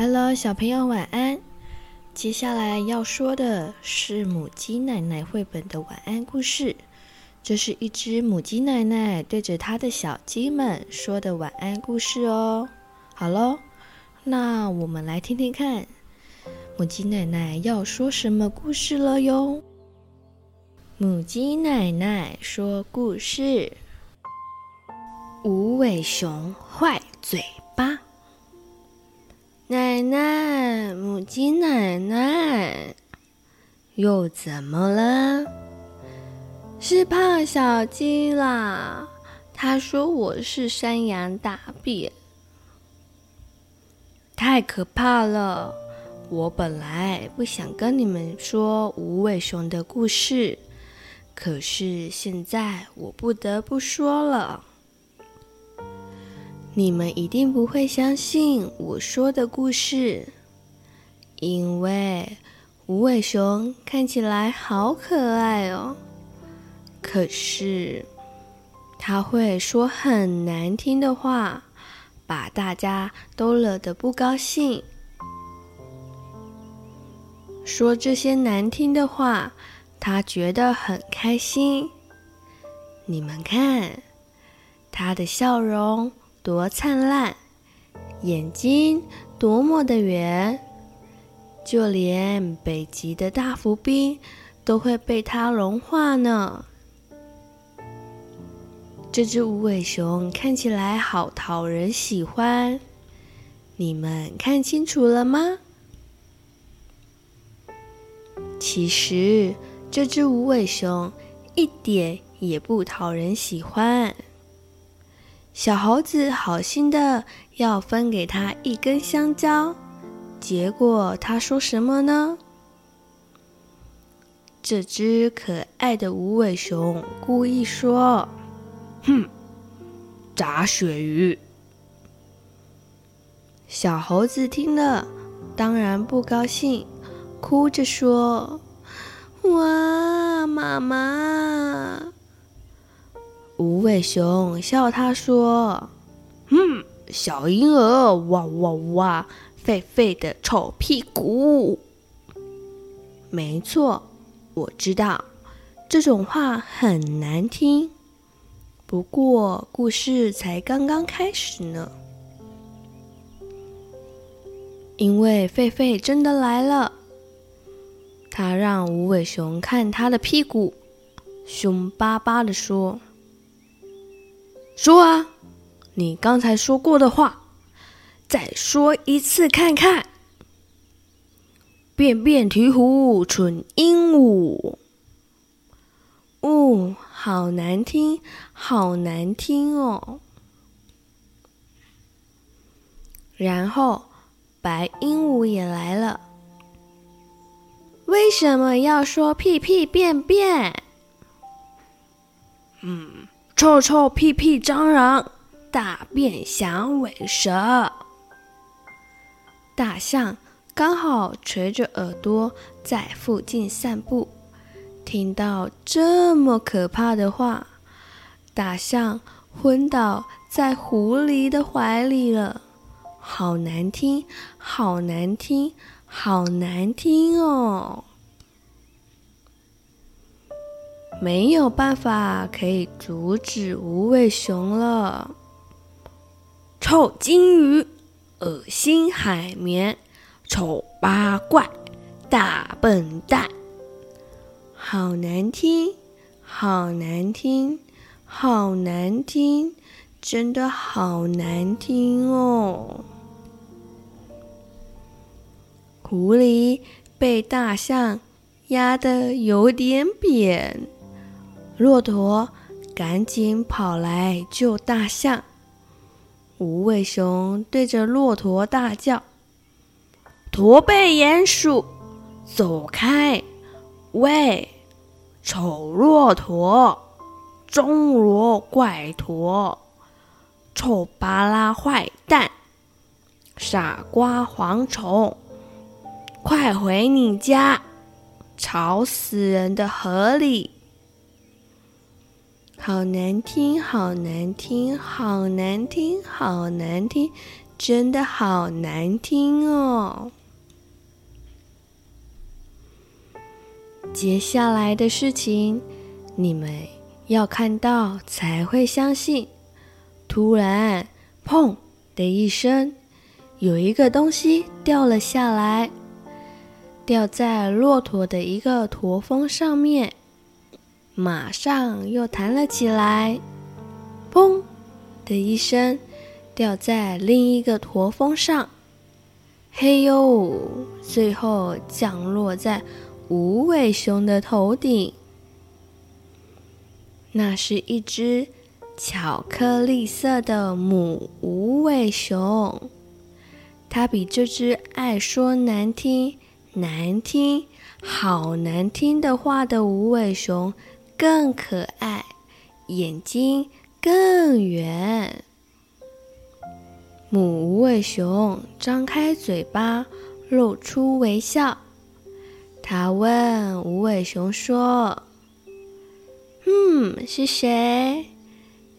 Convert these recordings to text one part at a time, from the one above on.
Hello，小朋友晚安。接下來要說的是《母雞奶奶》繪本的晚安故事。這是一隻母雞奶奶對着它的小雞們說的晚安故事哦。好嘍，那我們來聽聽看，母雞奶奶要說什麼故事了喲。母雞奶奶說故事：無尾熊壞嘴巴。奶奶，母雞奶奶，又怎麼了？是胖小雞啦。他說我是山羊大便，太可怕了。我本來不想跟你們說無尾熊的故事，可是現在我不得不說了。你們一定不會相信我說的故事，因為無尾熊看起來好可愛哦。可是，他會說很難聽的話，把大家都惹得不高興。說這些難聽的話，他覺得很開心。你們看，他的笑容，多燦爛，眼睛多麼的圓，就連北極的大浮冰都會被它融化呢。這隻無尾熊看起來好討人喜歡，你們看清楚了嗎？其實這隻無尾熊一點也不討人喜歡。小猴子好心的要分給他一根香蕉，結果他說什麼呢？這只可愛的無尾熊故意說：“哼，炸鱈魚。”小猴子聽了當然不高興，哭着說：“哇，媽媽！”無尾熊笑他說：“嗯，小嬰兒哇哇哇，狒狒的臭屁股。”沒錯，我知道這種話很難聽。不過，故事才剛剛開始呢。因為狒狒真的來了，他讓無尾熊看他的屁股，凶巴巴的說。說啊，你剛才說過的話，再說一次看看。便便鵜鶘，蠢鸚鵡，哦，好難聽，好難聽哦。然後白鸚鵡也來了，為什麼要說屁屁便便？嗯。臭臭屁屁蟑螂，大便響尾蛇。大象剛好垂着耳朵在附近散步，聽到這麼可怕的話，大象昏倒在狐狸的懷裡了，好難聽，好難聽，好難聽哦。沒有辦法可以阻止無尾熊了。臭金魚，噁心海綿，醜八怪，大笨蛋，好難聽，好難聽，好難聽，真的好難聽哦。狐狸被大象壓得有點扁。駱駝趕緊跑來救大象。無尾熊對着駱駝大叫：“駝背鼴鼠，走開！喂，醜駱駝，鐘樓怪駝，醜巴拉壞蛋，傻瓜蝗蟲，快回你家！吵死人的河裡！”好難聽，好難聽，好難聽，好難聽，好難聽，真的好難聽哦！接下來的事情，你們要看到才會相信。突然，砰的一聲，有一個東西掉了下來，掉在駱駝的一個駝峰上面。馬上又彈了起來，砰的一聲，掉在另一個駝峰上。嘿呦！最後降落在無尾熊的頭頂。那是一只巧克力色的母無尾熊，它比這只愛說難聽、難聽、好難聽的話的無尾熊。更可愛，眼睛更圓。母無尾熊張開嘴巴，露出微笑。它問無尾熊說：“嗯，是誰？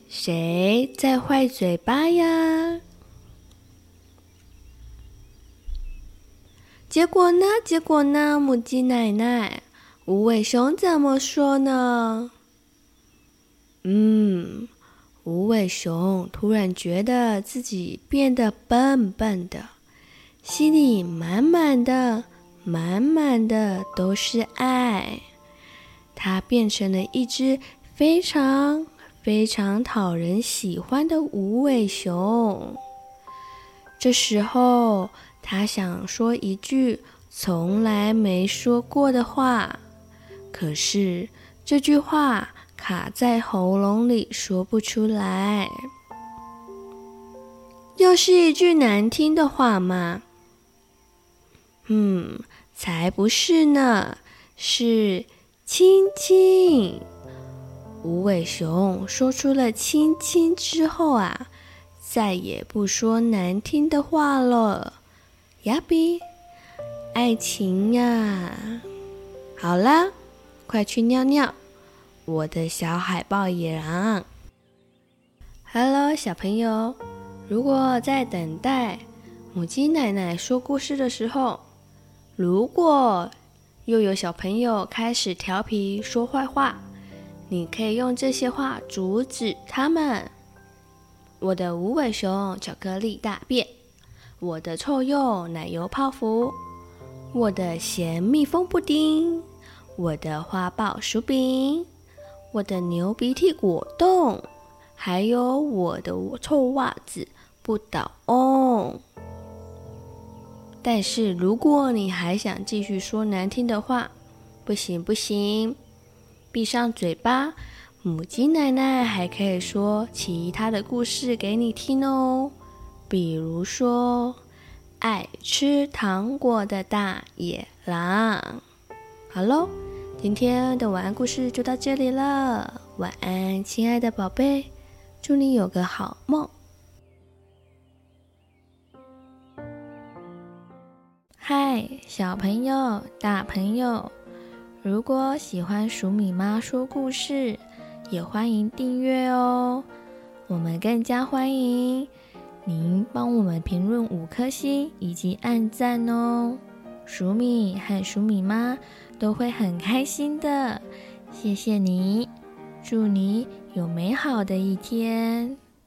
誰在壞嘴巴呀？”結果呢？結果呢？母雞奶奶。無尾熊怎麼說呢？嗯，無尾熊突然覺得自己變得笨笨的，心裡滿滿的、滿滿的、滿滿的都是愛。它變成了一隻非常非常討人喜歡的無尾熊。這時候，它想說一句從來沒說過的話。可是這句話卡在喉嚨裡說不出來，又是一句難聽的話嗎？嗯，才不是呢，是親親。無尾熊說出了親親之後啊，再也不說難聽的話了。呀比，愛情呀、啊，好啦。快去尿尿，我的小海豹野人。Hello，小朋友，如果在等待母雞奶奶說故事的時候，如果又有小朋友開始調皮說壞話，你可以用這些話阻止他們。我的無尾熊巧克力大便，我的臭鼬奶油泡芙，我的鹹蜜蜂布丁。我的花豹薯餅，我的牛鼻涕果凍，還有我的臭襪子不倒翁。但是如果你還想繼續說難聽的話，不行不行，閉上嘴巴。母雞奶奶還可以說其他的故事給你聽哦，比如說愛吃糖果的大野狼。好嘍，今天的晚安故事就到這裡了，晚安，親愛的寶貝，祝你有個好夢。嗨，小朋友、大朋友，如果喜歡黍米媽說故事，也歡迎訂閱哦。我們更加歡迎您幫我們評論五顆星以及按讚哦。黍米和黍米媽。都會很開心的，謝謝你，祝你有美好的一天。